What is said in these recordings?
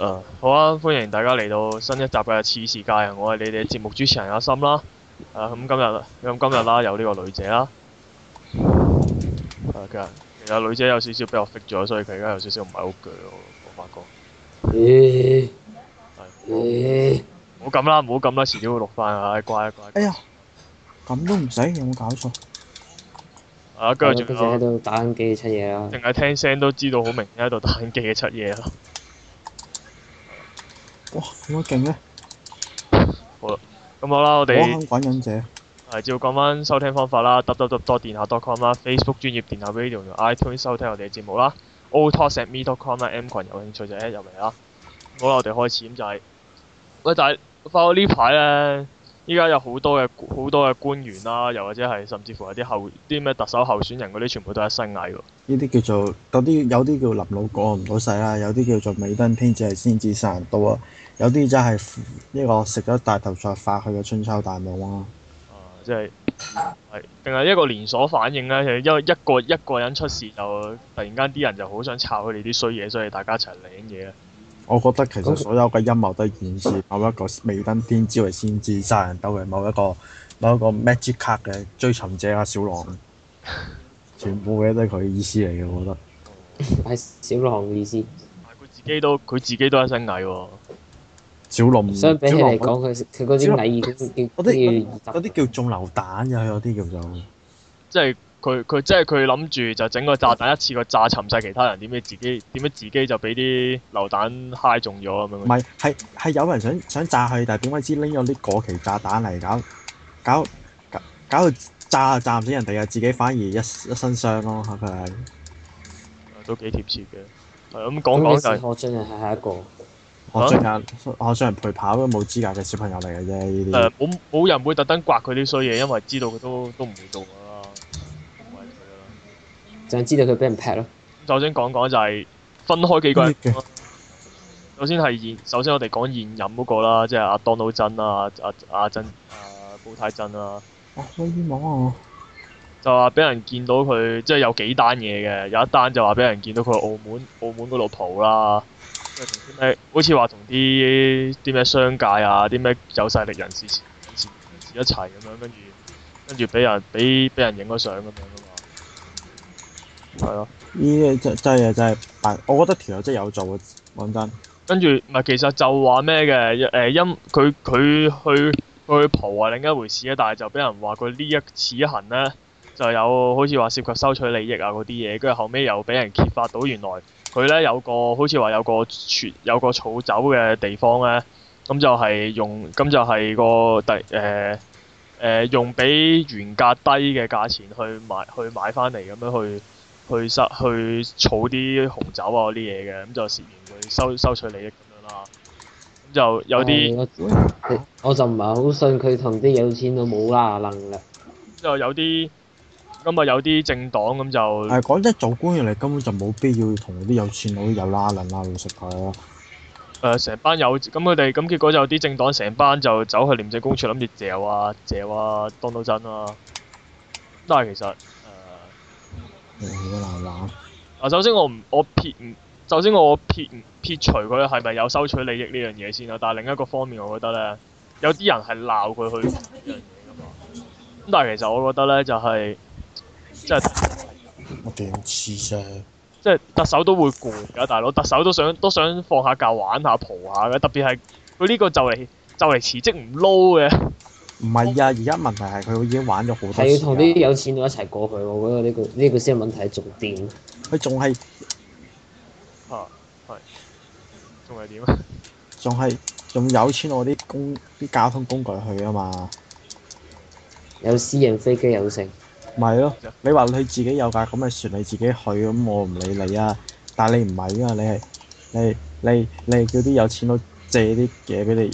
Uh, 好啊！歡迎大家嚟到新一集嘅《次時界》，我係你哋嘅節目主持人阿心啦。誒、啊，咁、嗯、今日咁、嗯、今日啦，有呢個女仔啦、啊。其實女仔有少少俾我 f 咗，所以佢而家有少少唔係好鋸我，我發覺。咦、欸？唔好咁啦，唔好咁啦，遲啲會錄翻啊！怪怪、欸。哎呀，咁都唔使，有冇搞錯？Uh, 欸、啊，跟住仲有。女仔喺度打緊機，出嘢啊。淨係聽聲都知道好明顯喺度打緊機嘅出嘢啦。哇，咁解勁咧？好啦，咁好啦，我哋玩忍者。係，照講翻收聽方法啦，www 多電客 .com 啦，Facebook 專頁電客 Radio，iTunes 收聽我哋嘅節目啦，AutoSetMe.com 啦，M 羣有興趣就入嚟啦。好啦，我哋開始咁就係、是，但我大翻到呢排咧。依家有好多嘅好多嘅官員啦、啊，又或者係甚至乎有啲候啲咩特首候選人嗰啲，全部都係生涯喎。呢啲叫做有啲有啲叫臨老過唔到世啦，有啲叫做美登天只係先至散到啊，嗯、有啲真係呢個食咗大頭菜發去嘅春秋大夢啊。即係係定係一個連鎖反應咧？因為一個一個人出事就突然間啲人就好想抄佢哋啲衰嘢，所以大家一齊領嘢我覺得其實所有嘅陰謀都係顯示某一個未登天之位先知殺人鬥嘅某一個某一個 magic card 嘅追尋者啊，小狼。全部嘅都係佢意思嚟嘅，我覺得。係 小狼嘅意思。佢自己都佢自己都一身矮喎、哦。小狼龍。相比嚟講龍，佢佢嗰啲矮，嗰啲嗰啲叫種榴彈啊，有啲、那個、叫做即係。佢佢即係佢諗住就整個炸彈一次過炸沉晒其他人，點解自己點解自己就俾啲流彈嗨中咗咁樣？唔係係係有人想想炸佢，但係點解知拎咗啲過期炸彈嚟搞搞搞到炸炸唔死人哋啊，自己反而一一身傷咯，佢係都幾貼切嘅。咁、嗯、講講就我最近係係一個我最近我最近、啊、我人陪跑都冇資格嘅小朋友嚟嘅啫。誒冇冇人會特登刮佢啲衰嘢，因為知道佢都都唔會做。想知道佢俾人劈咯。首先講講就係分開幾個人。Okay. 首先係現，首先我哋講現任嗰個啦，即係阿當魯振啊、阿阿振、阿布泰振啊。哇！可以摸啊！啊啊 oh, 就話俾人見到佢，即係有幾單嘢嘅，有一單就話俾人見到佢喺澳門、澳門嗰度蒲啦。即係同啲咩？好似話同啲啲咩商界啊、啲咩有勢力人士、前人士一齊咁樣，跟住跟住俾人俾俾人影咗相咁樣。係咯，呢嘢真真嘢係，但、就、係、是就是、我覺得條友真係有做嘅，講真。跟住唔係，其實就話咩嘅，誒、呃，因佢佢去去蒲係另一回事啊。但係就俾人話佢呢一次行呢，就有好似話涉及收取利益啊嗰啲嘢。跟住後尾又俾人揭發到，原來佢呢有個好似話有，有個存有個儲酒嘅地方呢。咁就係用咁就係個第誒誒用比原價低嘅價錢去買去買翻嚟咁樣去。去收去儲啲紅酒啊嗰啲嘢嘅，咁就涉嫌會收收取利益咁樣啦。就有啲、哎，我就唔係好信佢同啲有錢都冇拉能力。就有啲，咁啊有啲政黨咁就，誒講真，做官員嚟根本就冇必要同啲有錢佬有拉能力食佢。誒，成、呃、班有，咁佢哋咁結果就啲政黨成班就走去廉政公署諗住嚼啊嚼啊當到真啦、啊。但係其實。啊、嗯，首先我唔，我撇唔，首先我撇唔撇，撇除佢係咪有收取利益呢樣嘢先啦。但係另一個方面，我覺得咧，有啲人係鬧佢去嘛。咁但係其實我覺得咧，就係即係。我點知啫？即、就、係、是就是、特首都會攰㗎，大佬。特首都想都想放下假玩下蒲下嘅，特別係佢呢個就嚟就嚟辭職唔撈嘅。 唔係啊！而家問題係佢已經玩咗好多，你要同啲有錢佬一齊過去。我覺得呢個呢個先係問題重點。佢仲係，仲係點啊？仲係仲有錢攞啲公啲交通工具去啊嘛！有私人飛機有剩。咪咯、啊，你話你自己有架咁嘅船你自己去咁我唔理你啊！但係你唔係啊，你係你你你，你叫啲有錢佬借啲嘢俾你。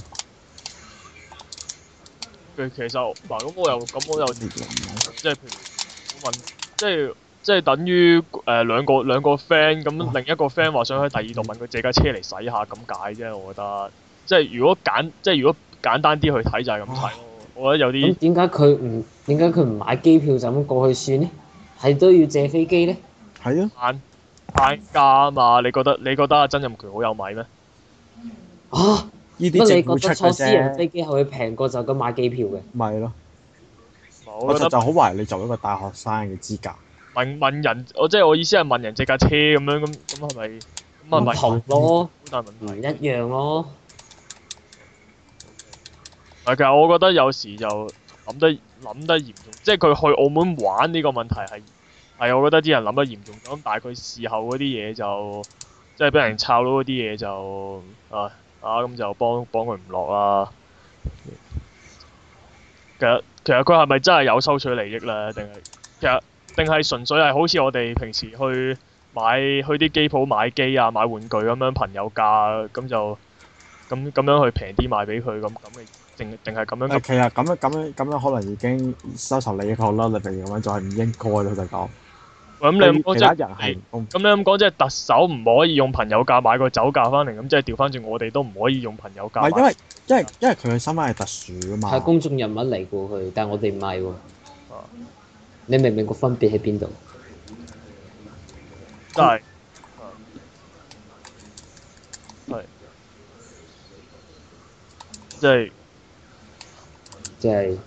佢其實嗱，咁我又咁我又即係譬如問，即係即係等於誒、呃、兩個兩個 friend，咁另一個 friend 話想喺第二度問佢借架車嚟駛下，咁解啫，我覺得即係如果簡即係如果簡單啲去睇就係咁睇咯。啊、我覺得有啲點解佢唔點解佢唔買機票就咁過去算呢？係都要借飛機呢？係啊，慳家啊嘛！你覺得你覺得曾蔭權好有米咩？啊！乜你覺得坐私人飛機係會平過就咁買機票嘅？咪咯，我覺得就好懷疑你做一個大學生嘅資格問。問問人，我即係我意思係問人借架車咁樣，咁咁係咪唔同咯？唔朋一樣咯。係其實我覺得有時就諗得諗得嚴重，即係佢去澳門玩呢個問題係係我覺得啲人諗得嚴重咗，但係佢事後嗰啲嘢就即係俾人抄到嗰啲嘢就啊～啊，咁就幫幫佢唔落啦。其實其實佢係咪真係有收取利益咧？定係其實定係純粹係好似我哋平時去買去啲機鋪買機啊、買玩具咁樣朋友價咁就咁咁樣，樣去平啲賣俾佢咁咁嘅，定定係咁樣。OK 呀，咁樣咁樣咁樣，樣，樣可能已經收受利益學啦，例如咁樣就係唔應該咯，就係講。咁你咁講即係，咁你咁講即係特首唔可以用朋友價買個酒架翻嚟，咁即係調翻轉我哋都唔可以用朋友價。唔係因為，因為因為佢嘅身份係特殊噶嘛。係公眾人物嚟噶佢，但係我哋唔係喎。你明唔明個分別喺邊度？係。係。即係。即係。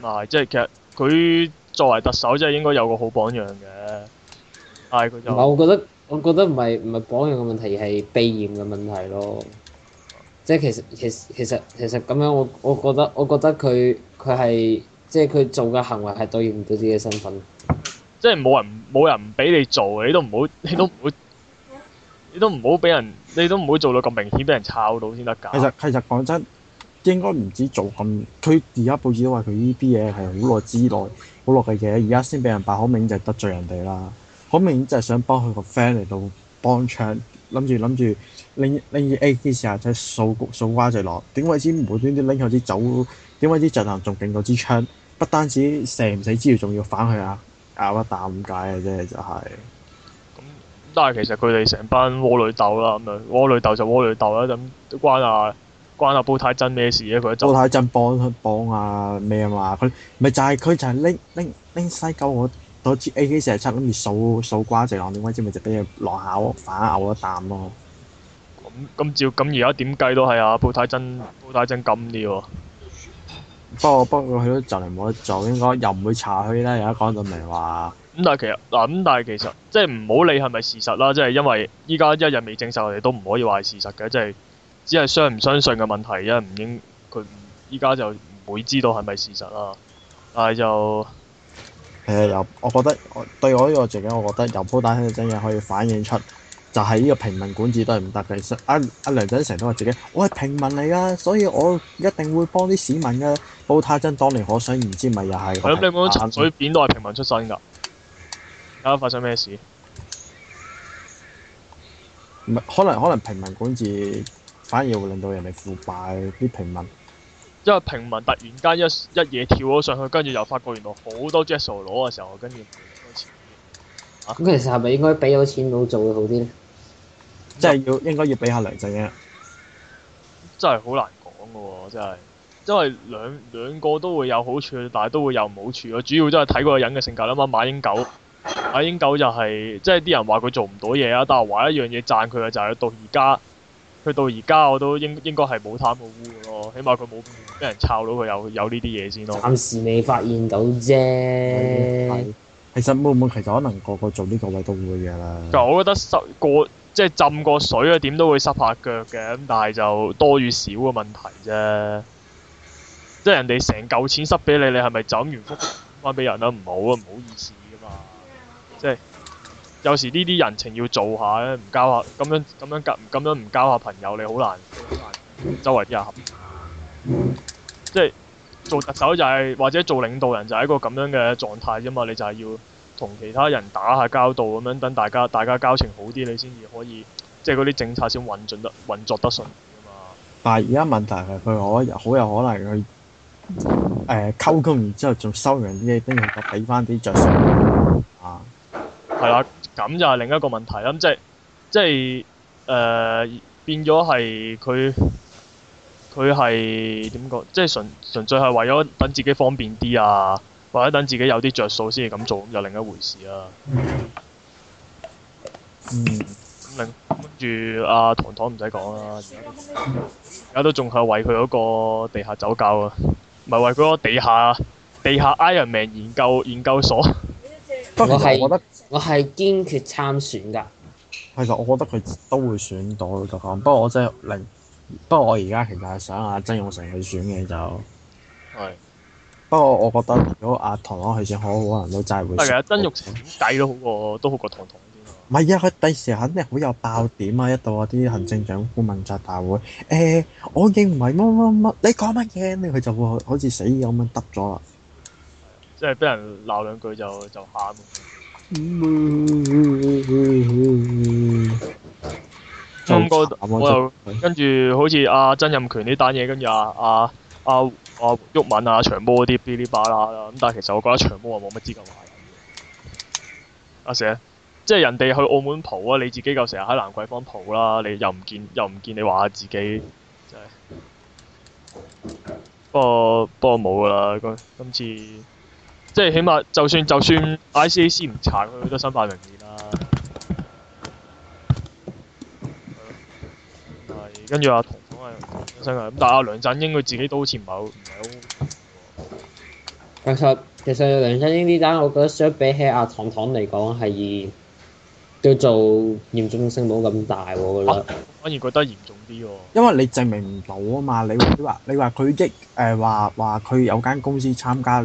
嗱，即係其實佢。作為特首，真係應該有個好榜樣嘅。唔係，我覺得我覺得唔係唔係榜樣嘅問題，係避嫌嘅問題咯。即係其實其實其實其實咁樣，我我我覺得我覺得佢佢係即係佢做嘅行為係對應唔到自己嘅身份。即係冇人冇人唔俾你做，你都唔好你都唔好、嗯、你都唔好俾人，你都唔好做到咁明顯俾人抄到先得㗎。其實其實講真，應該唔止做咁。佢而家報紙都話佢呢啲嘢係好耐之內。 好落嘅嘢，而家先俾人爆，好明顯就係得罪人哋啦。好明顯就係想幫佢個 friend 嚟到幫槍，諗住諗住拎拎住 AK 四啊，再掃掃瓜就落。點鬼知無端端拎佢支走？點鬼知賊行仲勁到支槍？不單止射唔死之餘，仲要反去啊！搞一啖咁解嘅啫，就係、是。咁，但係其實佢哋成班窩裏鬥啦，咁樣窩裏鬥就窩裏鬥啦，咁都關啊？關阿布泰真咩事咧？佢布泰真幫幫啊，咩嘛？佢咪就係佢就係拎拎拎西九我嗰支 AK47 咁易掃瓜隻狼，點鬼知咪就畀佢落下咬反咬一啖咯？咁咁照咁而家點計都係啊！布泰真，布泰真咁料啊！不過不過佢都就嚟冇得做，應該又唔會查佢啦。而家講到明話咁，但係其實嗱咁、嗯，但係其實即係唔好理係咪事實啦。即係因為依家一日未證實，你都唔可以話係事實嘅，即係。只係相唔相信嘅問題，因為唔應佢依家就唔會知道係咪事實啦。但係就誒由我覺得對我呢個自己，我覺得由煲太真嘅可以反映出，就係、是、呢個平民管治都係唔得嘅。阿阿梁振英都話自己我係平民嚟噶，所以我一定會幫啲市民嘅。煲太真當年可想而知，咪又係。咁你冇講陳水扁都係平民出身㗎。而家發生咩事？唔係，可能可能平民管治。反而會令到人哋腐敗啲平民，因為平民突然間一一嘢跳咗上去，跟住又發覺原來好多 j e s s o 攞嘅時候，跟住咁其實係咪應該俾咗錢佬做會好啲咧？即係要應該要俾下梁振英嘅，真係好難講嘅喎，真係，因為兩兩個都會有好處，但係都會有唔好處咯。主要真係睇嗰個人嘅性格啦嘛。馬英九，馬英九就係、是、即係啲人話佢做唔到嘢啊，但係唯一一樣嘢讚佢嘅就係到而家。去到而家我都應該應該係冇貪過污嘅咯，起碼佢冇俾人抄到佢有有呢啲嘢先咯。暫時未發現到啫。 其實會唔會，其實可能個個做呢個位都會嘅啦。但我覺得濕過即係浸過水啊，點都會濕下腳嘅，咁但係就多與少嘅問題啫。即係人哋成嚿錢塞俾你，你係咪就完福，翻俾人啊？唔好啊，唔好意思啊嘛，即係。有時呢啲人情要做下咧，唔交下咁樣咁樣咁咁樣唔交下朋友，你好難，難周圍啲人合。即係做特首就係、係、或者做領導人就係一個咁樣嘅狀態啫嘛。你就係要同其他人打下交道，咁樣等大家大家交情好啲，你先至可以即係嗰啲政策先運進得運作得順嘛。但係而家問題係佢可好有可能佢誒溝通，然、呃、之後仲收人啲嘢，跟住再俾翻啲著數啊，係啦。咁就係另一個問題啦、嗯，即係即係誒變咗係佢佢係點講？即係、呃、純純粹係為咗等自己方便啲啊，或者等自己有啲着數先至咁做，又另一回事啊。嗯。嗯。跟住阿唐唐唔使講啦，而家都仲係為佢嗰個地下酒窖啊，唔係為嗰個地下地下 Iron Man 研究研究所。不過我覺得…… 我係堅決參選㗎。其實我覺得佢都會選到嘅，不過我真係令，不過我而家其實係想阿曾玉成去選嘅就。係的。不過我覺得如果阿唐朗去選好，好多人都真係會。係啊，曾玉成計都好過，都好過唐唐。唔係啊，佢第時肯定好有爆點啊！嗯、一到啊啲行政長官問責大會，誒、嗯欸，我認為乜乜乜，你講乜嘢，佢就會好似死咁樣得咗啦。即係俾人鬧兩句就就喊。咁個我又跟住好似阿曾蔭權呢單嘢跟住啊！阿阿毓民啊、長毛嗰啲噼里啪啦。咁但係其實我覺得長毛啊冇乜資格話人。阿、啊、成，即係人哋去澳門蒲啊，你自己就成日喺蘭桂坊蒲啦、啊。你又唔見又唔見你話下自己。真係不過不過冇㗎啦，今今次。即係起碼就，就算就算 I C A C 唔查佢，都身敗名裂啦。跟住阿唐唐係真噶，但阿、啊、梁振英佢自己都好似唔係好唔係好。其實其實梁振英呢單、啊，我覺得相比起阿唐唐嚟講係叫做嚴重性冇咁大喎。我覺得反而覺得嚴重啲喎、哦。因為你證明唔到啊嘛，你你話你話佢益誒話話佢有間公司參加。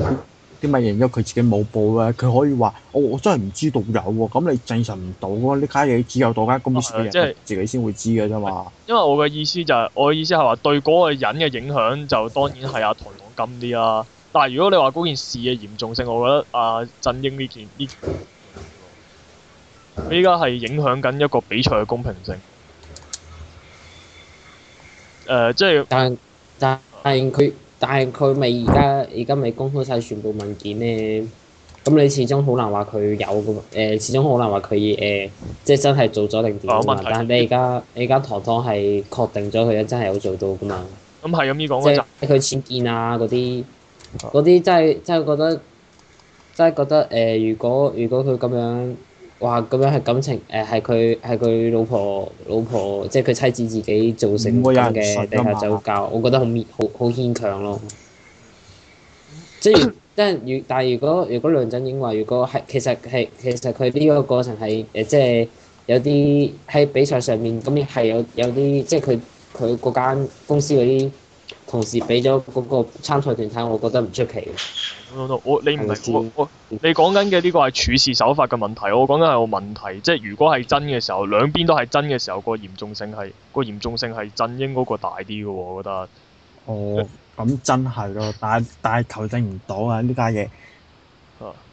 啲乜佢自己冇報咧，佢可以話：我我真係唔知道有喎。咁你證實唔到嘅喎，呢家嘢只有當間公司即係自己先會知嘅啫嘛。因為我嘅意思就係、是，我嘅意思係話對嗰個人嘅影響就當然係阿台港金啲啦、啊。但係如果你話嗰件事嘅嚴重性，我覺得阿、啊、振英呢件呢，依家係影響緊一個比賽嘅公平性。誒、啊，即、就、係、是、但但但係佢。但係佢咪而家而家咪公開晒全部文件咧？咁你始終好難話佢有噶嘛，誒、呃，始終好難話佢誒，即係真係做咗定點啊？哦、但係你而家你而家堂堂係確定咗佢真係有做到噶嘛？咁係咁樣講即佢簽見啊嗰啲，嗰啲、嗯、真係真係覺得，真係覺得誒、呃，如果如果佢咁樣。哇！咁樣係感情誒，係佢係佢老婆老婆，即係佢妻子自己造成嘅地下酒窖，嗯嗯、我覺得好勉好好牽強咯。 即係，即係如但係如果如果梁振英話，如果係其實係，其實佢呢個過程係誒、就是，即係有啲喺比賽上面咁樣係有有啲即係佢佢嗰間公司嗰啲。同時俾咗嗰個參賽團體，我覺得唔出奇。我你唔明我，你講緊嘅呢個係處事手法嘅問題，我講緊係個問題。即係如果係真嘅時候，兩邊都係真嘅時候，個嚴重性係、個嚴重性係振英嗰個大啲嘅喎，我覺得。哦，咁真係咯，但係但係求證唔到啊！呢家嘢。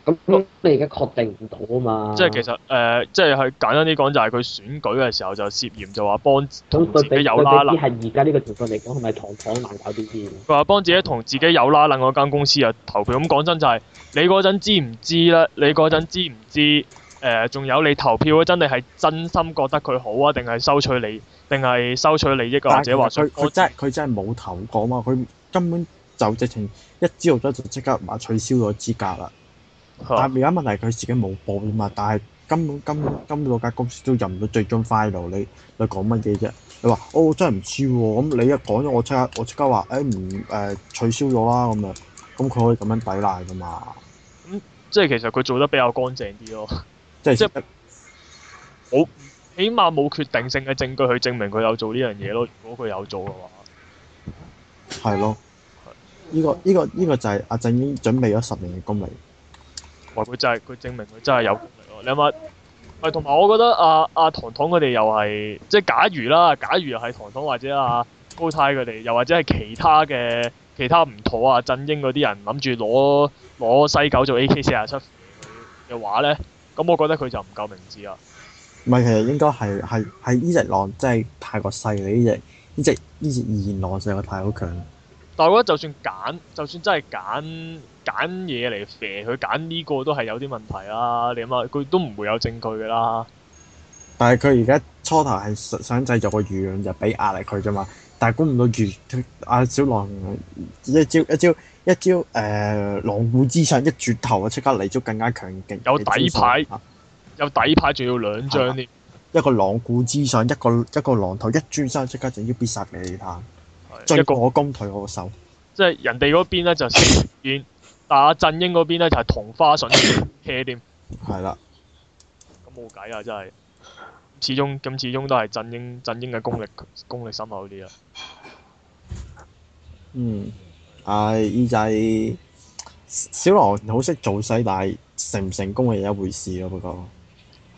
咁你而家確定唔到啊嘛？即係其實誒、呃，即係係簡單啲講，就係佢選舉嘅時候就涉嫌就話幫自己有拉攏，係而家呢個情況嚟講，係咪堂堂難搞啲啲？佢話幫自己同自己有拉攏嗰間公司啊投票。咁講真就係你嗰陣知唔知咧？你嗰陣知唔知誒？仲、呃、有你投票真係係真心覺得佢好啊？定係收取利？定係收取利益？或者話佢佢真佢真係冇投過嘛？佢根本就直情一知道就即刻話取消咗資格啦。但而家問題佢自己冇報啫嘛，但係今今今嗰間公司都入唔到最終 final，你你講乜嘢啫？你話哦，我真係唔知喎，咁你一講咗，我即刻我即刻話誒唔誒取消咗啦咁樣，咁佢可以咁樣抵賴噶嘛？咁、嗯、即係其實佢做得比較乾淨啲咯，即係我起碼冇決定性嘅證據去證明佢有做呢樣嘢咯。如果佢有做嘅話，係咯，呢個、呢個、呢個、呢個就係阿振已經準備咗十年嘅功力。佢真係佢證明佢真係有功力，你諗下，喂，同埋我覺得阿阿、啊啊、唐唐佢哋又係即係假如啦，假如係唐唐或者阿、啊、高太佢哋，又或者係其他嘅其他唔妥啊，振英嗰啲人諗住攞攞西九做 AK 四啊七嘅話咧，咁我覺得佢就唔夠明智啊。唔係，其實應該係係係呢隻狼真係太過細啦，呢隻呢隻呢隻二狼實在太好強。但係我覺得就算揀，就算真係揀。揀嘢嚟肥，佢揀呢個都係有啲問題啦。你諗下，佢都唔會有證據㗎啦。但係佢而家初頭係想製造個輿論就俾壓力佢啫嘛。但係估唔到餘阿、啊、小狼一招一招一招誒、呃、狼顧之上一轉頭啊，即刻嚟咗更加強勁，有底牌，啊、有底牌仲要兩張添、啊。一個狼顧之上，一個一個狼頭一轉身，即刻就要必殺你哋班，一個是攻退我個守。即係人哋嗰邊咧就先。 但阿、啊、振英嗰邊咧就係、是、同花順車店，係啦，咁冇計啊！ 真係，始終咁始終都係振英振英嘅功力功力深厚啲啦。嗯，係、啊、姨仔小羅好識做勢，大，成唔成功係一回事咯、啊，不過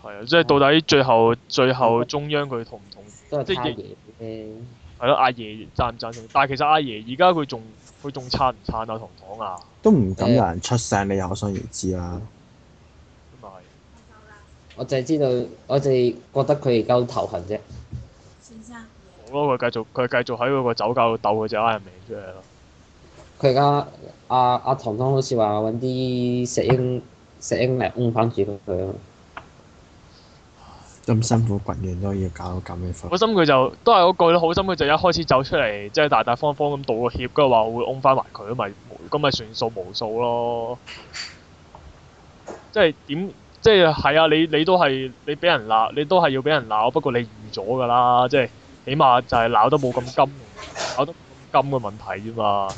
係啊，即係到底最後最後中央佢同唔同即係、嗯係咯，阿爺贊唔贊成？但係其實阿爺而家佢仲佢仲撐唔撐阿糖糖啊？都唔敢有人出聲，你可想而知啦。咁啊我就係知道，我就係覺得佢而家好頭痕啫。好咯，佢繼續，佢繼續喺嗰個酒窖度鬥佢只拉人名出嚟咯。佢而家阿阿糖糖好似話揾啲石英石英嚟擁翻住佢啊！咁辛苦掘完都要搞到咁嘅分，好心佢就都係嗰句啦。好心佢就一開始走出嚟，即係大大方方咁道個歉，跟住話會孭翻埋佢咪，咁咪算數無數咯。即係點？即係係啊！你你都係你俾人鬧，你都係要俾人鬧。不過你預咗㗎啦，即係起碼就係鬧得冇咁金，鬧得咁金嘅問題啫嘛。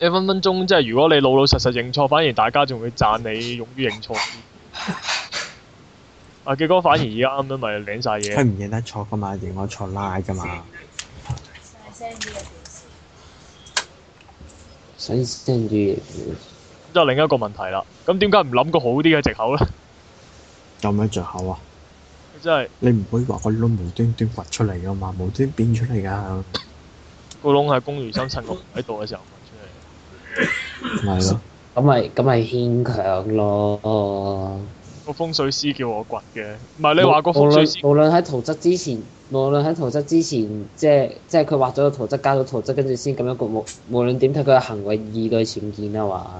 一 分分鐘即係如果你老老實實認錯，反而大家仲會讚你勇於認錯。阿傑、啊、哥反而而家啱啱咪領晒嘢。佢唔認得錯噶嘛，認我錯拉噶嘛。細聲啲啊！細聲啲咁、嗯、就另一個問題啦。咁點解唔諗個好啲嘅藉口咧？ 有咩藉口啊？即係、 就是、你唔可以話個窿無端端掘出嚟噶嘛，無端端變出嚟㗎。個窿係工餘生趁我喺度嘅時候掘出嚟。係咯。 咁咪咁咪牽強咯。個風水師叫我掘嘅。唔係你話個風水師無論無論喺圖則之前，無論喺圖則之前，即係即係佢畫咗個圖則，加咗圖則，跟住先咁樣掘。無無論點睇佢嘅行為意義都係僭建啊嘛，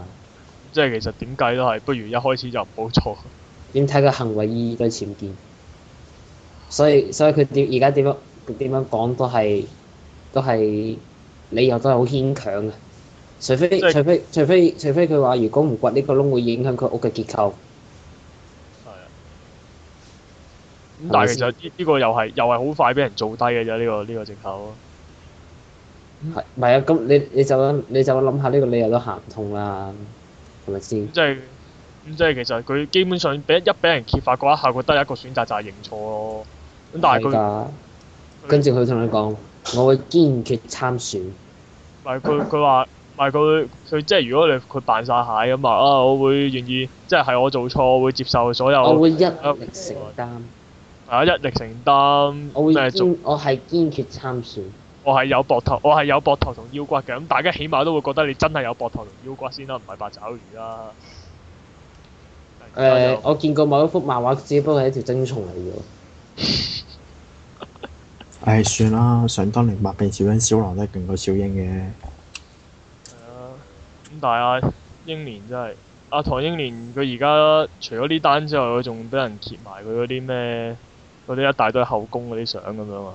即係其實點計都係，不如一開始就唔好錯。點睇佢行為意義都係僭建。所以所以佢點而家點樣點樣講都係都係理由都係好牽強嘅，除非、就是、除非除非除非佢話如果唔掘呢個窿會影響佢屋嘅結構。但係其實呢個又係又係好快俾人做低嘅啫。呢個呢個藉口，係唔係啊？咁你你就你就諗下呢個理由都行唔通啦，係咪先？即係即係其實佢基本上俾一俾人揭發嗰一下，覺得一個選擇就係認錯咯。咁但係佢的他跟住佢同你講，我會堅決參選。唔係佢佢話唔係佢佢即係如果你佢扮晒蟹咁嘛 啊！我會願意即係係我做錯，我會接受所有，我會一力承擔。啊！一力承擔，我會堅，還我係堅決參選。我係有膊頭，我係有膊頭同腰骨嘅。咁大家起碼都會覺得你真係有膊頭同腰骨先啦、啊，唔係八爪魚啦、啊。誒、呃，又我見過某一幅漫畫，只不過係一條精蟲嚟嘅。唉、 哎，算啦，想當年麥片小英小狼都勁過小英嘅。係啊， 咁但係阿英年真係阿、啊、唐英年，佢而家除咗呢單之外，佢仲俾人揭埋佢嗰啲咩？嗰啲一大堆後宮嗰啲相咁樣啊！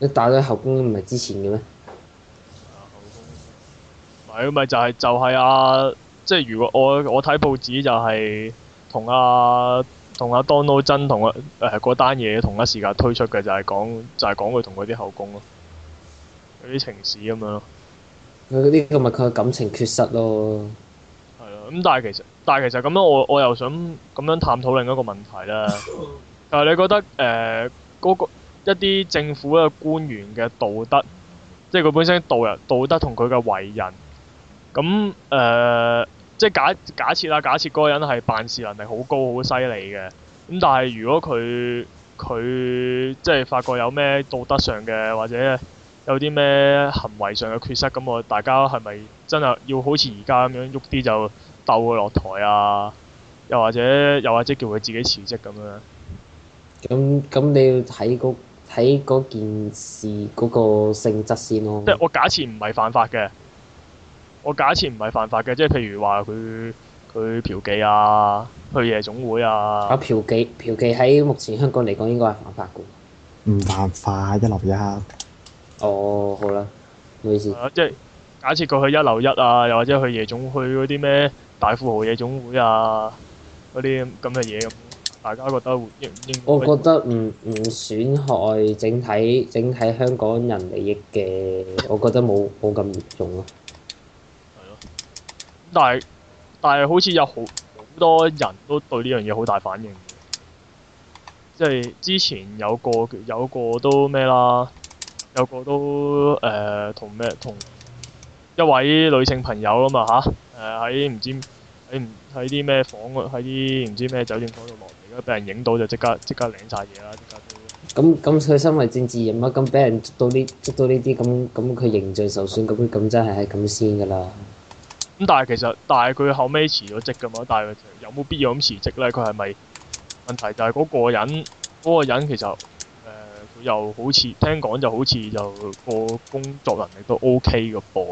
一大堆後宮唔係之前嘅咩？係、就係就係、啊，後宮。係咁咪就係就係啊！即係如果我我睇報紙就係同阿同阿 Donald 真同啊誒嗰單嘢同一時間推出嘅，就係、係、講就係講佢同佢啲後宮咯、啊，嗰啲情史咁樣咯。嗰啲咁咪佢嘅感情缺失咯。係啊，咁但係其實。但係其實咁樣我，我我又想咁樣探討另一個問題啦。誒、就是，你覺得誒嗰、呃那個一啲政府嘅官員嘅道德，即係佢本身道人道德同佢嘅為人，咁誒、呃，即係假假設啦，假設嗰個人係辦事能力好高好犀利嘅，咁但係如果佢佢即係發覺有咩道德上嘅或者有啲咩行為上嘅缺失，咁我大家係咪真係要好似而家咁樣喐啲就？鬥佢落台啊！又或者又或者叫佢自己辭職咁樣。咁咁你要睇嗰睇件事嗰、嗰個性質先咯。即係我假設唔係犯法嘅。我假設唔係犯法嘅，即係譬如話佢佢嫖妓啊，去夜總會啊。啊！嫖妓嫖妓喺目前香港嚟講應該係犯法嘅。唔犯法一樓一。哦，好啦，唔好意思。呃、即係假設佢去一樓一啊，又或者去夜總會嗰啲咩？大富豪夜總會啊，嗰啲咁嘅嘢咁，大家覺得應唔應該會？我覺得唔唔損害整體整體香港人利益嘅，我覺得冇冇咁嚴重咯、啊。係咯，但係但係好似有好好多人都對呢樣嘢好大反應嘅，即係之前有個有個都咩啦，有個都誒同咩同。呃一位女性朋友啊嘛吓，誒喺唔知喺唔喺啲咩房喺啲唔知咩酒店房度落嚟咯，俾人影到就即刻即刻領曬嘢啦。咁咁佢身為政治人物，咁俾人捉到呢捉到呢啲咁咁，佢形象受損，咁咁真係係咁先㗎啦。咁但係其實，但係佢後尾辭咗職㗎嘛？但係有冇必要咁辭職咧？佢係咪問題就係嗰個人嗰、嗰個人其實誒、呃、佢又好似聽講就好似就個工作能力都 OK 㗎噃。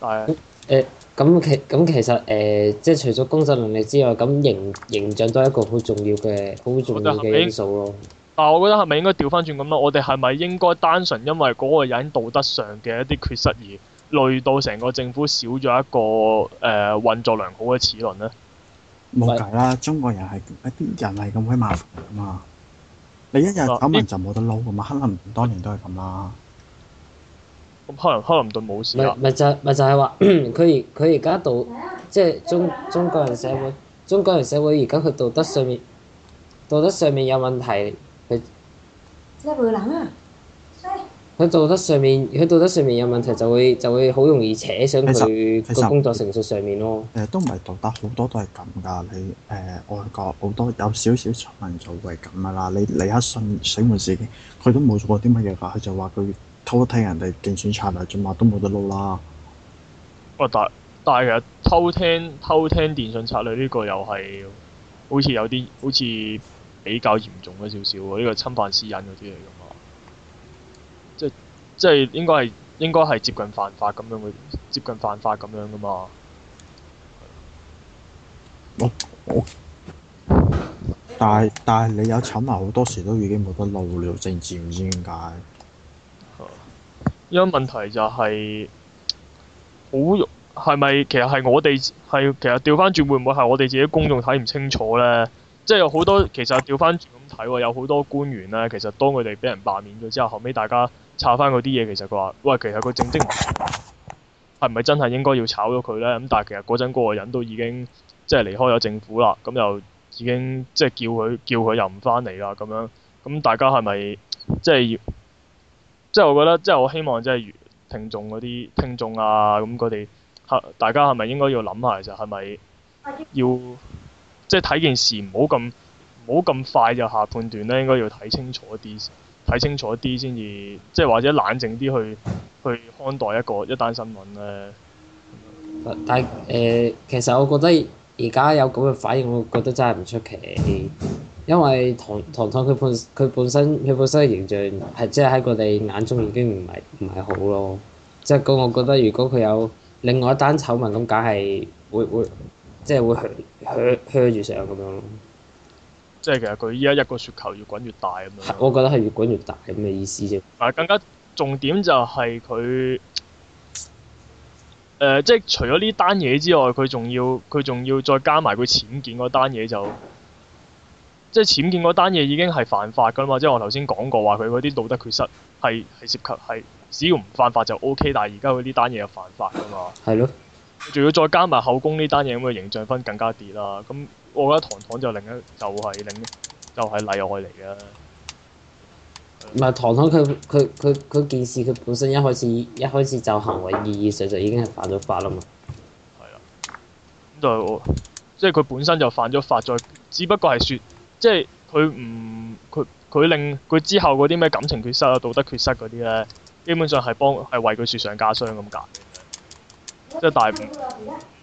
係。誒咁其咁其實誒、呃，即係除咗工作能力之外，咁形形象都係一個好重要嘅好重要嘅因素咯。但、啊、我覺得係咪應該調翻轉咁咧？我哋係咪應該單純因為嗰個人道德上嘅一啲缺失而累到成個政府少咗一個誒、呃、運作良好嘅齒輪咧？冇計啦！中國人係一啲人係咁鬼麻煩嘛，你一日咁唔就冇得撈噶嘛？可能當然都係咁啦。可能可能對冇事。咪咪就咪、是、就係話佢而佢而家道即係中、嗯、中國人社會，中國人社會而家佢道德上面道德、嗯、上面有問題，佢。即係會諗啊！佢道德上面，佢道德上面有問題，就會就會好容易扯上佢個實工作成熟上面咯。誒都唔係道德，好多都係咁㗎。你誒、呃、外國好多有少少醜聞就係咁啊啦。你李嘉信水門事件，佢都冇做過啲乜嘢㗎，佢就話佢。偷聽人哋電信策略啫嘛，都冇得撈啦。喂、哦，但但係其實偷聽偷聽電信策略你呢個又係，好似有啲好似比較嚴重嘅少少喎，呢、這個侵犯私隱嗰啲嚟嘅嘛。即即係應該係應該係接近犯法咁樣嘅，接近犯法咁樣嘅嘛。我我、哦哦，但係但係你有詐賣好多時都已經冇得撈了政治，唔知點解。一問題就係、是、好，係咪其實係我哋係其實調翻轉會唔會係我哋自己公眾睇唔清楚呢？即係有好多其實調翻轉咁睇喎，有好多官員呢，其實當佢哋俾人罷免咗之後，後尾大家查翻嗰啲嘢，其實佢話：「喂，其實個政績係唔係真係應該要炒咗佢呢？」咁但係其實嗰陣嗰個人都已經即係離開咗政府啦，咁又已經即係叫佢叫佢又唔翻嚟啦，咁樣咁大家係咪即係即係我覺得，即係我希望，即係如聽眾嗰啲聽眾啊，咁佢哋大家係咪應該要諗下其實係咪要即係睇件事，唔好咁唔好咁快就下判斷咧，應該要睇清楚啲，睇清楚啲先至，即係或者冷靜啲去去看待一個一單新聞咧。但係誒、呃，其實我覺得而家有咁嘅反應，我覺得真係唔出奇。因為唐唐太佢本佢本身佢本身嘅形象係即係喺佢哋眼中已經唔係唔係好咯，即係咁我覺得如果佢有另外一單醜聞，咁梗係會會即係會靴靴靴住上咁樣咯。即係其實佢依家一個雪球越滾越大咁樣。我覺得係越滾越大咁嘅意思啫。啊，更加重點就係佢誒，即係除咗呢單嘢之外，佢仲要佢仲要再加埋佢僭建嗰單嘢就。即係僭建嗰單嘢已經係犯法噶啦嘛，即係我頭先講過話佢嗰啲道德缺失係係涉及係，只要唔犯法就 OK，但係而家佢啲單嘢係犯法噶嘛。係咯的，仲要再加埋口供呢單嘢，咁嘅形象分更加跌啦。咁我覺得唐唐就另一就係另一，就係例外嚟嘅。唔係唐唐佢佢佢佢件事佢本身一開始一開始就行為意義上就已經係犯咗法啦嘛。係啊，咁就係我即係佢本身就犯咗法，再只不過係説。即係佢唔佢佢令佢之後嗰啲咩感情缺失啊、道德缺失嗰啲呢，基本上係幫係為佢雪上加霜咁解。即係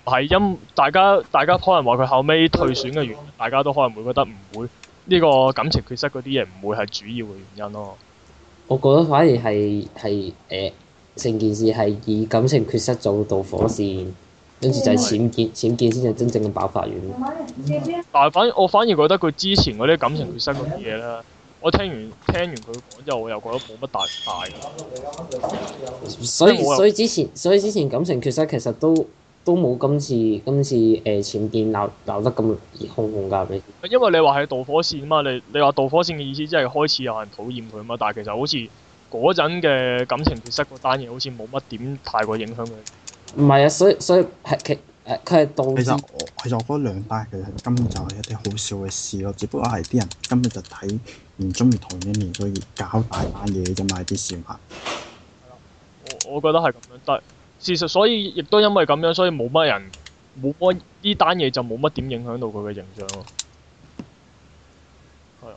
但係因大家大家可能話佢後尾退選嘅原因，大家都可能會覺得唔會呢個感情缺失嗰啲嘢唔會係主要嘅原因咯。我覺得反而係係誒成件事係以感情缺失做導火線。跟住就係閃劍，閃劍先係真正嘅爆發源。但係、嗯、反而我反而覺得佢之前嗰啲感情缺失嘅嘢咧，我聽完聽完佢講之後，我又覺得冇乜大嘅。所以所以之前所以之前感情缺失其實都都冇今次今次誒閃劍鬧鬧得咁兇狠㗎，因為你話係導火線啊嘛？你你話導火線嘅意思即係開始有人討厭佢啊嘛？但係其實好似嗰陣嘅感情缺失嗰單嘢，好似冇乜點太過影響佢。唔係啊，所以所以係其誒佢係導其實我其實嗰兩單其實根本就係一啲好少嘅事咯，只不過係啲人根本就睇唔中意同一年，所以搞大單嘢就賣啲小物。我我覺得係咁樣。但係事實所以亦都因為咁樣，所以冇乜人冇乜呢單嘢就冇乜點影響到佢嘅形象咯。係。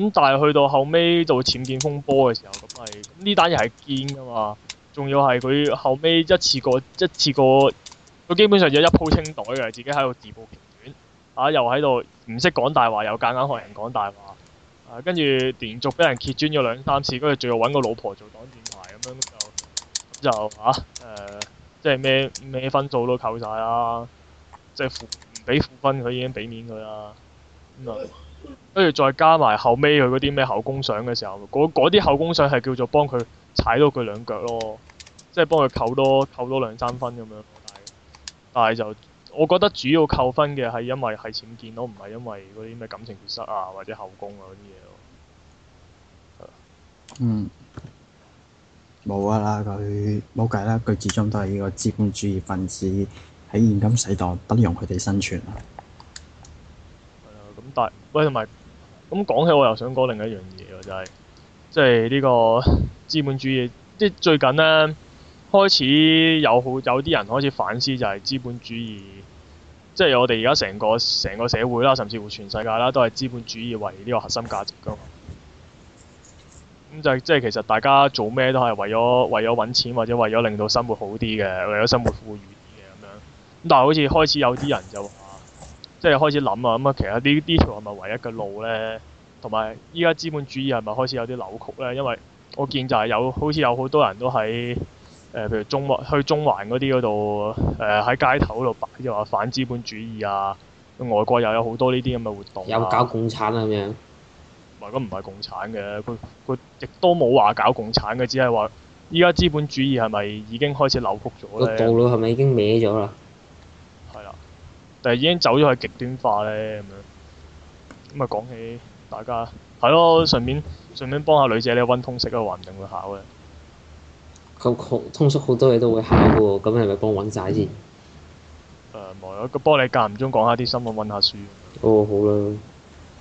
咁但係去到後尾就會潛見風波嘅時候，咁係呢單嘢係堅㗎嘛。仲要係佢後尾一次過一次過，佢基本上就一鋪清袋嘅，自己喺度自暴自怨啊，又喺度唔識講大話，又夾硬，硬學人講大話，跟、啊、住連續俾人揭穿咗兩三次，跟住仲要搵個老婆做擋箭牌咁樣就就吓誒、啊呃，即係咩咩分數都扣晒啦，即係唔俾負分，佢已經俾面佢啦，跟住再加埋後尾，佢嗰啲咩後供相嘅時候，嗰啲後供相係叫做幫佢，踩到佢兩腳咯，即係幫佢扣多扣多兩三分咁樣，但係就我覺得主要扣分嘅係因為係僭建咯，唔係因為嗰啲咩感情缺失啊或者後宮啊嗰啲嘢咯。嗯，冇啊！佢冇計啦，佢始終都係依個資本主義分子，喺現今世代得用佢哋生存啊。咁但係，喂，同埋咁講起，我又想講另一樣嘢喎，就係。即係呢個資本主義，即係最近呢開始有好有啲人開始反思，就係資本主義，即係我哋而家成個成個社會啦，甚至乎全世界啦，都係資本主義為呢個核心價值㗎嘛。咁就即係其實大家做咩都係為咗為咗揾錢，或者為咗令到生活好啲嘅，為咗生活富裕啲嘅咁樣。咁但係好似開始有啲人就話，即係開始諗啊，咁啊其實呢呢條係咪唯一嘅路呢？同埋依家資本主義係咪開始有啲扭曲咧？因為我見就係有好似有好多人都喺誒、呃，譬如中環去中環嗰啲嗰度誒，喺、呃、街頭度擺，又話反資本主義啊！外國又有好多呢啲咁嘅活動、啊，有搞共產啊咁樣。唔係，咁唔係共產嘅，佢佢亦都冇話搞共產嘅，只係話依家資本主義係咪已經開始扭曲咗咧？道路係咪已經歪咗啦？係啦，但係已經走咗去極端化咧咁樣。咁啊，講起。大家係咯，順便順便幫下女仔咧溫通識啊，話唔定會考嘅。咁好通識好多嘢都會考喎，咁係咪幫我揾晒先？誒冇啊，我幫你間唔中講下啲新聞，溫下書。哦好啦，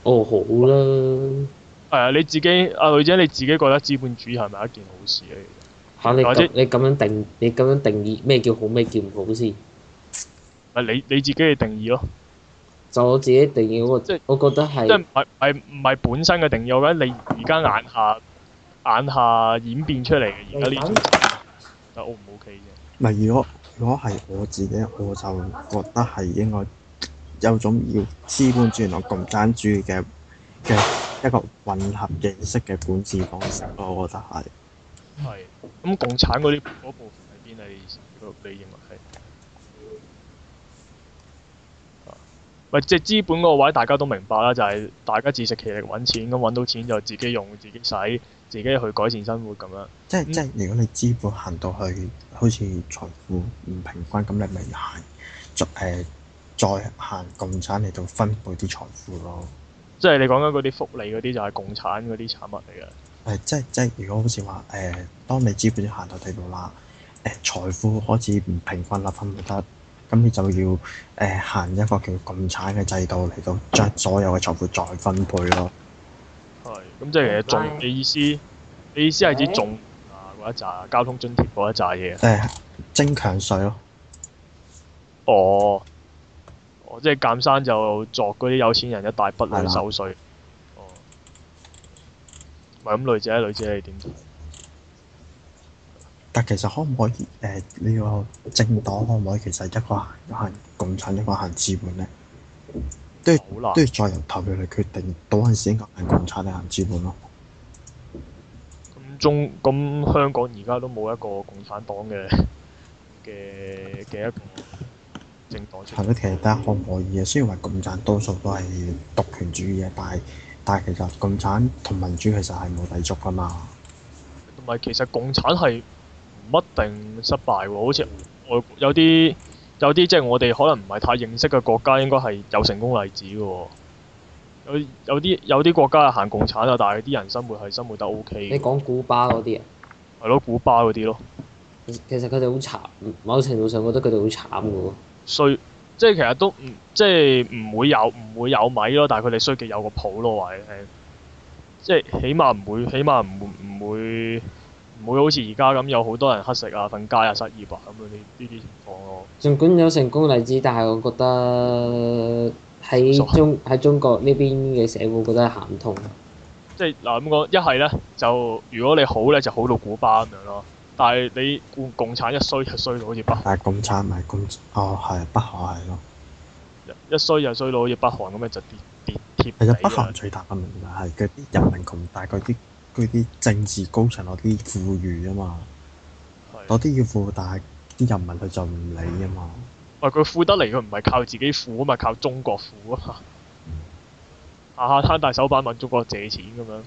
哦好啦。係啊，你自己啊，女仔你自己覺得資本主義係咪一件好事咧？嚇、啊、你咁或者你咁樣定你咁樣定義咩叫好咩叫唔好先？咪、啊、你你自己嘅定義咯。就我自己定義即係我覺得係，即係唔係唔係本身嘅定義。我覺得，我覺得你而家眼下眼下演變出嚟嘅而家呢種，就 O 唔 OK 嘅？唔係，如果如果係我自己，我就覺得係應該有種要資本主義同共產主義嘅嘅一個混合認識嘅本質方式咯。我覺得係。係。咁共產嗰啲嗰部分喺邊啊？你你，你認為？即係資本嗰個位，大家都明白啦，就係、是、大家自食其力揾錢，咁揾到錢就自己用、自己使、自己去改善生活咁樣。嗯、即係即係，如果你資本行到去，好似財富唔平均，咁你咪行、呃，再誒再行共產嚟到分配啲財富咯。即係你講緊嗰啲福利嗰啲，就係共產嗰啲產物嚟嘅。誒、呃，即係即係，如果好似話誒，當你資本行到地步啦，誒、呃、財富開始唔平均啦，分唔得。咁你就要誒行、呃、一個叫共產嘅制度嚟到將所有嘅財富再分配咯。係，咁即係其實仲嘅意思，你意思係指重啊嗰、欸、一紮交通津貼嗰一紮嘢？誒、欸，增強稅咯。哦，我即係鑑山就作嗰啲有錢人一大筆嘅收稅。哦的。唔係咁，女仔，女仔你點？但其實可唔可以誒？呢個政黨可唔可以其實一個行共產，一個行資本咧？都要都要再由投票嚟決定，到嗰陣時應該行共產定行資本咯。咁中咁香港而家都冇一個共產黨嘅嘅嘅一個政黨。係咯，其實大家可唔可以啊？雖然話共產多數都係獨權主義嘅，但係但係其實共產同民主其實係冇抵觸㗎嘛。同埋其實共產係。唔一定失敗喎，好似外國有啲有啲即係我哋可能唔係太認識嘅國家，應該係有成功例子嘅喎。有有啲有啲國家係行共產啊，但係啲人生活係生活得 OK 嘅。你講古巴嗰啲啊？係咯，古巴嗰啲咯其，其實佢哋好慘。某程度上，覺得佢哋好慘嘅喎。雖，即係其實都唔即係唔會有唔會有米咯，但係佢哋衰極有個譜咯，係，即係起碼唔會，起碼唔唔會。唔會好似而家咁有好多人乞食啊、瞓街啊、失業啊咁樣呢啲情況咯。儘管有成功例子，但係我覺得喺中喺 Sorry. 中國呢邊嘅社會，覺得係行唔通。即係嗱咁講，一係咧就如果你好咧就好到古巴咁樣咯，但係你共，共產一衰就衰到好似北韓。係共產唔係共？哦係北韓係咯。一衰就衰到好似北韓咁嘅質地。其實北韓最大嘅問題係佢啲人民窮，民大概啲。佢啲政治高層攞啲富裕啊嘛，攞啲的要富，但係啲人民佢就唔理啊嘛。喂，佢富得嚟，佢唔係靠自己富啊嘛，靠中國富啊嘛。嗯，下下攤大手板問中國借錢咁樣。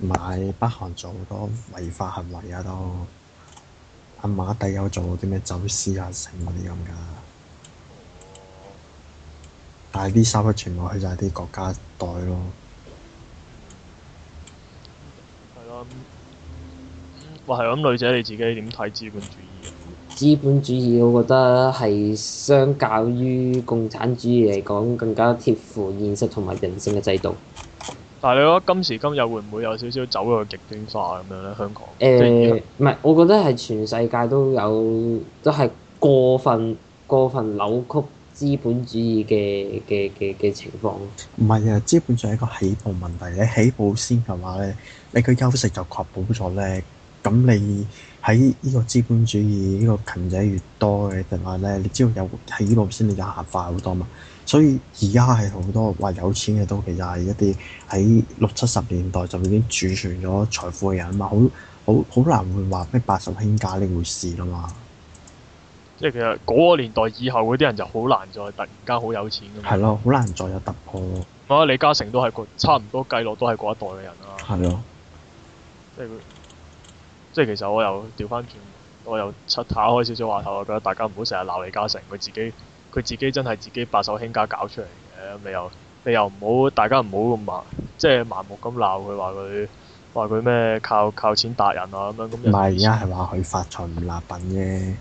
唔係，北韓做好多違法行為啊，都。阿馬蒂有做啲咩走私啊，成嗰啲咁㗎。但係啲衫筆全部去曬啲國家袋咯。哇，係咁、嗯、女仔你自己點睇資本主義啊？資本主義，資本主義我覺得係相較於共產主義嚟講，更加貼乎現實同埋人性嘅制度。但係你覺得今時今日會唔會有少少走咗去極端化咁樣咧？香港？誒、欸，唔係，我覺得係全世界都有都係過分過分扭曲。資本主義嘅嘅嘅嘅情況，唔係啊！資本主義係一個起步問題，你起步先嘅話咧，你個休息就確保咗咧。咁你喺呢個資本主義呢個羣體越多嘅情況咧，你只要有起步先，你就行快好多嘛。所以而家係好多話有錢嘅都其實係一啲喺六七十年代就已經儲存咗財富嘅人啊嘛，好好好難會話咩白手興家呢回事啦嘛。即係其實嗰個年代以後，嗰啲人就好難再突然間好有錢嘅。係咯，好難再有突破咯。我覺得、啊、李嘉誠都係個差唔多計落都係嗰一代嘅人啦。係咯的，即係即係其實我又調翻轉，我又拆下開少少話頭，我覺得大家唔好成日鬧李嘉誠。佢自己佢自己真係自己白手興家搞出嚟嘅。你又你又唔好大家唔好咁盲即係盲目咁鬧佢話佢話佢咩靠靠錢達人啊咁樣咁。唔係而家係話佢發財唔立品啫。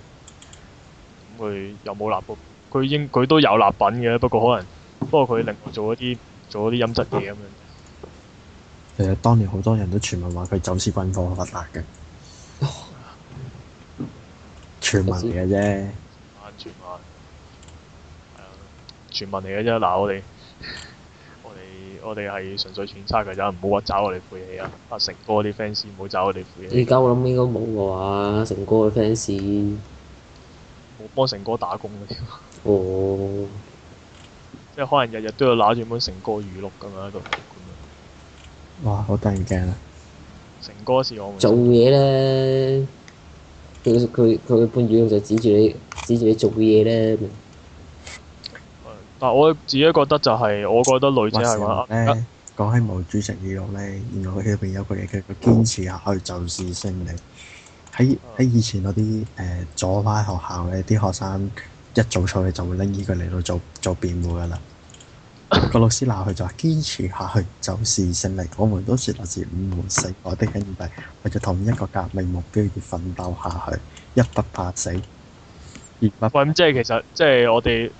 佢又冇納品，佢應佢都有納品嘅，不過可能不過佢另外做一啲做一啲音質嘢咁樣。其實，當年好多人都傳聞話佢走私軍火發達嘅， 傳聞嚟嘅啫。傳聞，傳聞嚟嘅啫。嗱，我哋我哋我哋係純粹揣測嘅，就係唔好話找我哋晦氣啊！阿成哥啲 fans 唔好找我哋晦氣。而家我諗應該冇嘅話，成哥嘅 fans。我幫成哥打工嗰啲，即係、oh. 可能日日都要攬住本成哥語錄咁樣喺度。哇！好得人驚啊！成哥是我做嘢咧，佢佢佢嘅班主就指住你指住你做嘢咧。但我自己覺得就係、是，我覺得女仔係嘛？講、啊、起毛主席語錄咧，原來佢入邊有個嘢，佢堅持下去就是勝利。Oh. 喺喺以前嗰啲誒左派學校咧，啲學生一早上去就會拎呢個嚟到做做辯護噶啦。個 老師鬧佢就話：堅持下去就是勝利門。我們都是來自五湖四海的兄弟，為著同一個革命目標而奮鬥下去，一不怕死，二不怕。喂，咁、嗯、即係其實即係我哋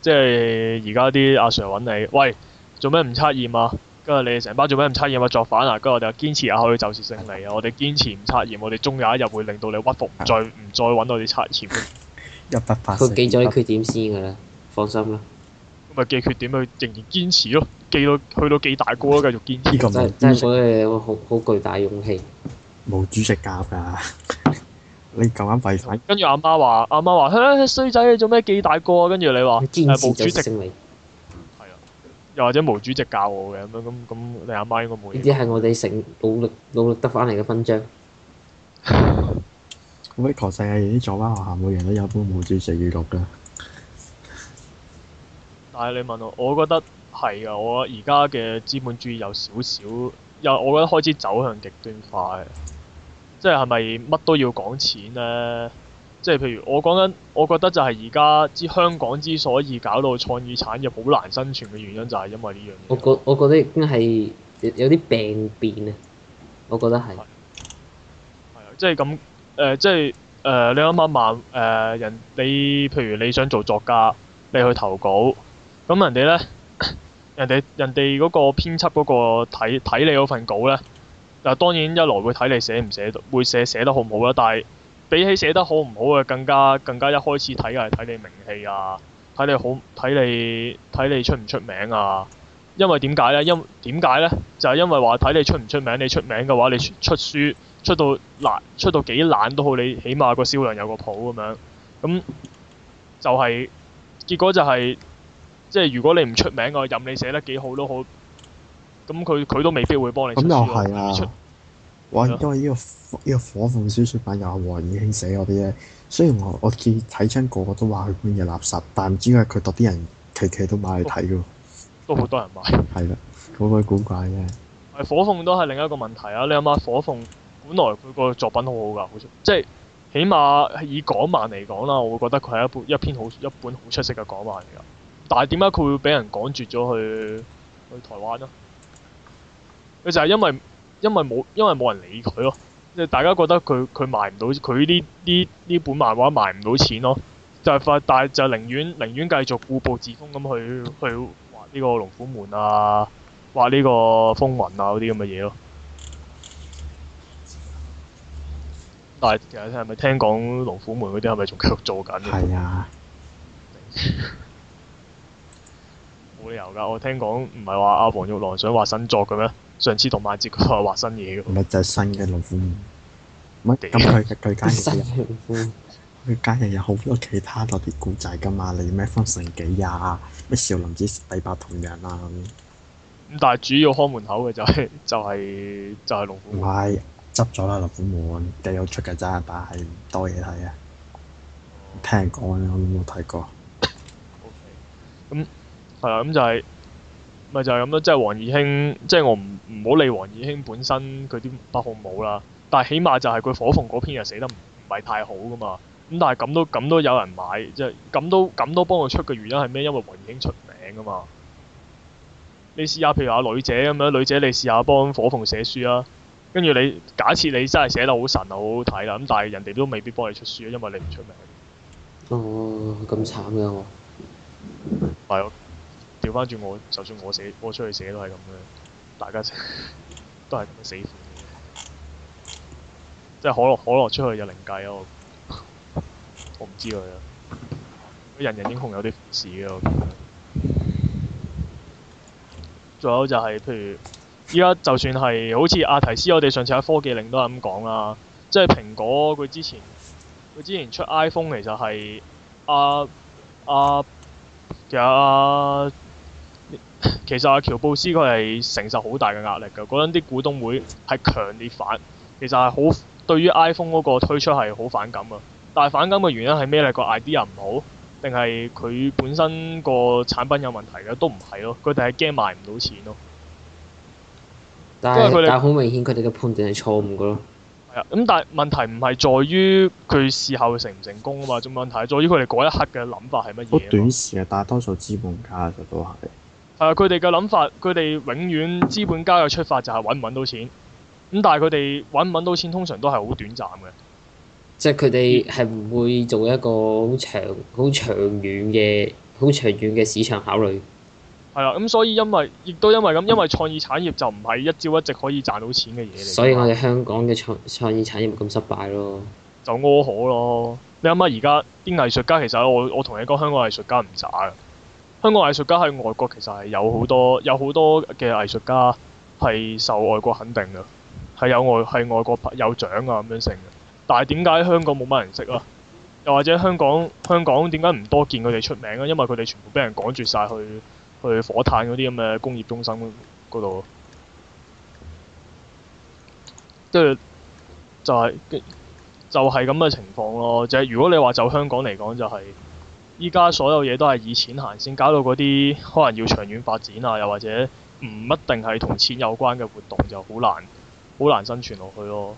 即係而家啲阿 Sir 揾你，喂，做咩唔測驗啊？跟住你哋成班做咩唔拆？物作反啊！跟住我哋又堅持下、啊、去，就是勝利啊！我哋堅持唔拆，我哋終有一日會令到你屈服，唔再唔再揾我哋拆遷。一筆百。佢記咗啲缺點先㗎啦，放心啦。咁咪記缺點去，仍然堅持咯、啊，記到去到記大個咯，繼續堅持咁、啊。 真係真係，好好巨大勇氣。毛主席教㗎、 啊。你咁啱閉反。跟住阿媽話：阿媽話，衰仔，你做咩記大個啊？跟住你話，毛主席」。或者毛主席教我嘅咁樣，咁咁你阿媽，媽應該冇。呢啲係我哋成努力努力得翻嚟嘅勳章。咁啲國際嘅啲左派學校每人都有本毛主席語錄㗎。但係你問我，我覺得係啊。我而家嘅資本主義有少少，又我覺得開始走向極端化啊。即係係咪乜都要講錢咧？即係譬如我講緊，我覺得就係而家之香港之所以搞到創意產業好難生存嘅原因，就係因為呢樣嘢。我覺我覺得應係有有啲病變啊！我覺得係。係啊，即係咁誒，即係誒、呃，你諗下萬誒人，你譬如你想做作家，你去投稿，咁人哋咧， 人哋人哋嗰個編輯嗰個睇睇你嗰份稿咧，嗱當然一來會睇你寫唔寫，會寫寫得好唔好啦，但係。比起寫得好唔好啊，更加更加一開始睇嘅係睇你名氣啊，睇你好睇你睇你出唔出名啊？因為點解呢？因點解呢？就係因為話睇你出唔出名，你出名嘅話，你出，出書出到懶出到幾懶都好，你起碼個銷量有個譜咁樣，咁就係結果就係即係如果你唔出名嘅，任你寫得幾好都好，咁佢佢都未必會幫你出書。咁出火鳳小説版又係黃易兄寫嗰啲啫。雖然我我見睇親個個都話佢半嘢垃圾，但唔知點解，佢多啲人期期都買去睇嘅，都好多人買。係啦， 古怪古怪嘅。係火鳳都係另一個問題啊！你諗下，火鳳本來佢個作品好好噶，即係起碼以港漫嚟講啦，我會覺得佢係一本一篇好一本好出色嘅港漫嚟㗎。但係點解佢會俾人趕絕咗去去台灣啊？佢就係、是、因為因為冇因為冇人理佢咯。即大家覺得佢佢賣唔到，佢呢呢呢本漫畫賣唔到錢咯，就係發大，但係就寧願寧願繼續固步自封咁去去畫呢個龍虎門啊，畫呢個風雲啊嗰啲咁嘅嘢咯。但係其實係咪聽講龍虎門嗰啲係咪仲繼續做緊？係是啊。 冇理由噶，我聽講唔係話阿黃玉郎想畫新作嘅咩？上次動漫節佢畫新嘢嘅，唔係就係新嘅龍虎門，唔係咁佢佢加入啲新龍佢加入有好多其他特別故仔噶嘛，你咩封神記啊，咩少林寺、第八同人啊咁。咁但係主要看門口嘅就係、是、就係、是、就係、是、龍虎門。唔係執咗啦，龍虎門幾有出嘅咋，但係多嘢睇啊！聽人講嘅，我冇睇過。咁。 okay. 嗯係啦，咁、嗯、就係、是、咪就係咁咯？即係黃義興，即、就、係、是、我唔唔好理黃義興本身佢啲八項冇啦，但係起碼就係佢火鳳嗰篇又寫得唔係太好噶嘛。咁但係咁都咁都有人買，即係咁都咁都幫佢出嘅原因係咩？因為黃義興出名噶嘛。你試下，譬如話女姐咁樣，女姐你試下幫火鳳寫書啊。跟住你假設你真係寫得好神好好睇啦，咁但係人哋都未必幫你出書啊，因為你唔出名。哦，咁慘嘅喎。係啊。 調翻轉我，就算我寫，我出去寫都係咁嘅，大家寫都係死款，即係可樂，可樂出去又另計咯，我唔知佢啦。人人英雄有啲事嘅，我覺得。仲有就係、是、譬如依家，就算係好似阿提斯，我哋上次喺科技領都係咁講啦，即係蘋果佢之前佢之前出 iPhone 其實係啊啊，其實啊。其實阿喬布斯佢係承受好大嘅壓力嘅，嗰陣啲股東會係強烈反，其實係好對於 iPhone 嗰個推出係好反感啊。但係反感嘅原因係咩咧？個 idea 唔好，定係佢本身個產品有問題嘅都唔係咯。佢哋係驚賣唔到錢咯是。但係佢哋好明顯，佢哋嘅判斷係錯誤嘅咯。咁但係問題唔係在於佢事後成唔成功啊嘛，仲問題在於佢哋嗰一刻嘅諗法係乜嘢？好短視嘅，大多數資本家嘅都係。誒佢哋嘅諗法，佢哋永遠資本家嘅出發就係揾唔揾到錢，咁但係佢哋揾唔揾到錢通常都係好短暫嘅，即係佢哋係唔會做一個好長、好長遠嘅、好長遠嘅市場考慮。係啦，咁、嗯、所以因為亦都因為咁，因為創意產業就唔係一朝一夕可以賺到錢嘅嘢嚟。所以我哋香港嘅創創意產業咁失敗咯，就可好咯。你諗下而家啲藝術家其實我我同你講香港藝術家唔渣嘅。香港藝術家喺外國其實係有好多有好多嘅藝術家係受外國肯定嘅，係有外係外國有獎啊咁樣成，但係點解香港冇乜人識啊？又或者香港香港點解唔多見佢哋出名啊？因為佢哋全部俾人趕住晒去去火炭嗰啲咁嘅工業中心嗰度，即係就係、係、就係咁嘅情況咯。就係如果你話就香港嚟講，就係，就係。依家所有嘢都係以錢行先，搞到嗰啲可能要長遠發展啊，又或者唔一定係同錢有關嘅活動就好難，好難生存落去咯。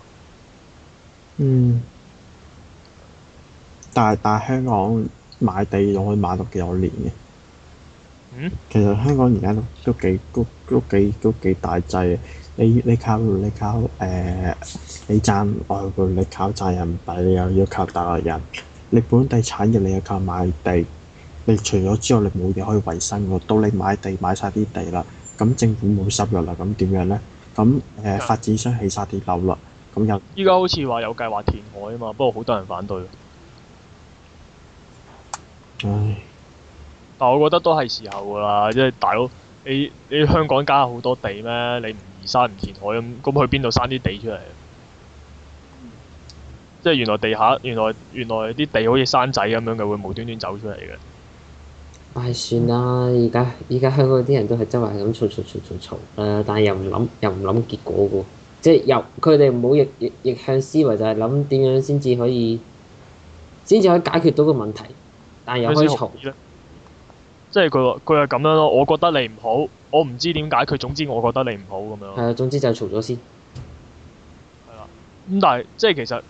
嗯。但係但係香港買地用可以買到幾多年嘅？嗯？其實香港而家都都幾都都幾都幾大劑嘅。你你靠你靠誒、呃，你賺外匯，你靠賺人民幣，你又要靠大陸人。你本地產業你又靠買地，你除咗之後你冇嘢可以維生嘅，到你買地買晒啲地啦，咁政府冇收入啦，咁點樣咧？咁誒發展商起晒啲樓啦，咁又依家好似話有計劃填海啊嘛，不過好多人反對。唉，但我覺得都係時候㗎啦，即係大佬，你你香港加好多地咩？你唔移山唔填海咁，咁去邊度生啲地出嚟？即係原來地下，原來原來啲地好似山仔咁樣嘅，會無端端走出嚟嘅。唉、哎，算啦，而家而家香港啲人都係真係咁嘈嘈嘈嘈嘈。但係又唔諗又唔諗結果嘅喎。即係又佢哋唔好逆向思維，就係諗點樣先至可以先至可以解決到個問題，但係又可以嘈咧。即係佢佢係咁樣咯，我覺得你唔好，我唔知點解，佢總之我覺得你唔好咁樣。係啊，總之就係嘈咗先。係啊。咁但係即係其實。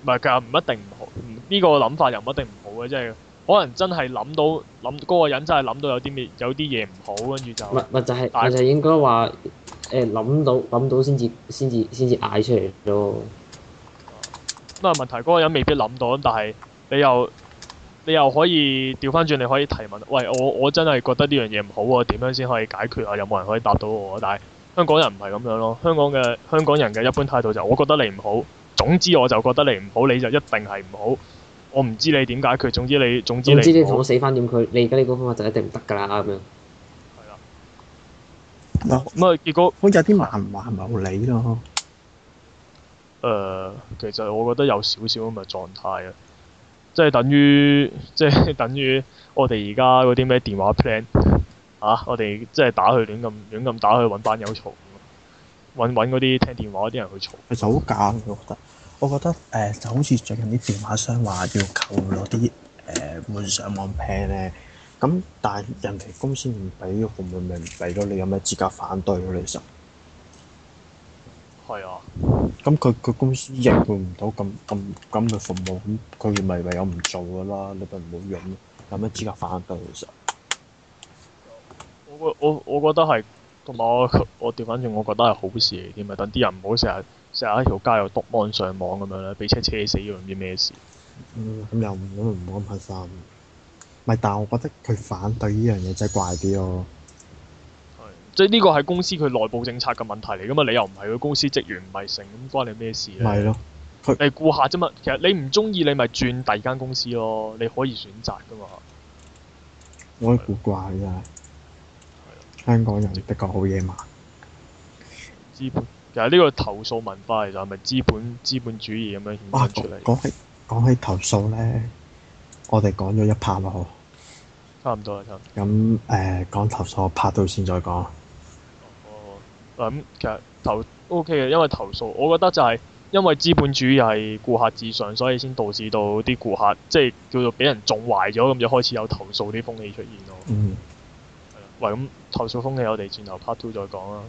唔係，其唔一定唔好，呢、這個諗法又唔一定唔好嘅，即、就、係、是、可能真係諗到諗嗰、那個人真係諗到有啲咩有啲嘢唔好，跟住就唔係就係、是，我是就應該話誒諗到諗到先至先至先至嗌出嚟咯。咁啊問題嗰、那個人未必諗到，但係你又你又可以調翻轉，你可以提問。喂，我我真係覺得呢樣嘢唔好喎，點樣先可以解決啊？有冇人可以答到我？但係香港人唔係咁樣咯，香港嘅香港人嘅一般態度就是、我覺得你唔好。總之我就覺得你唔好，你就一定係唔好。我唔知你點解決，總之你總之你。總之你，你我死翻點佢，你而家呢個方法就一定唔得㗎啦，咁樣。係啊。咁啊，結果好似有啲麻唔麻，唔係好理咯。誒、呃，其實我覺得有少少咁嘅狀態啊，即係等於即係等於我哋而家嗰啲咩電話 plan 啊，我哋即係打去亂咁亂咁打去揾班友嘈，揾揾嗰啲聽電話啲人去嘈。其實好假我覺得誒、呃、就好似最近啲電話商話要購攞啲誒換上網 plan 咧，咁但係人哋公司唔畀，俾服務員畀咯，你有咩資格反對？其實係啊，咁佢佢公司應付唔到咁咁咁嘅服務，咁佢咪唯有唔做㗎啦？你咪唔好用，有咩資格反對？其實、啊、我我我覺得係同埋我我哋，我反正我覺得係好事嚟添啊！等啲人唔好成日。就係一條街有督安上網咁樣咧，俾車車死咗唔知咩事。嗯，咁又我都唔好咁黑心。咪但係我覺得佢反對呢樣嘢真係怪啲咯。即係呢個係公司佢內部政策嘅問題嚟㗎嘛，你又唔係佢公司職員唔係成咁關你咩事啊？咪係咯，係顧客啫嘛。其實你唔中意你咪轉第二間公司咯，你可以選擇㗎嘛。我好古怪真係。係啊，香港人的確好野蠻。其實呢個投訴文化其實係咪資本資本主義咁樣衍生出嚟？哇、啊，講起講起投訴咧，我哋講咗一 part 咯，差唔多啦，咁誒、呃，講投訴 part two 先再講。哦，咁、嗯，其實投 O K 嘅，因為投訴，我覺得就係因為資本主義係顧客至上，所以先導致到啲顧客即係叫做俾人縱壞咗，咁就開始有投訴啲風氣出現咯、嗯嗯。嗯。係、嗯、啦，喂，咁投訴風氣我哋轉頭 part two 再講啦。